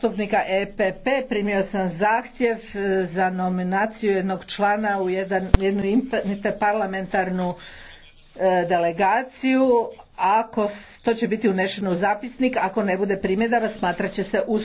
zastupnika EPP primio sam zahtjev e, za nominaciju jednog člana u jednu parlamentarnu e, delegaciju. Ako to će biti unešeno u zapisnik, ako ne bude primjedava, smatraće se uz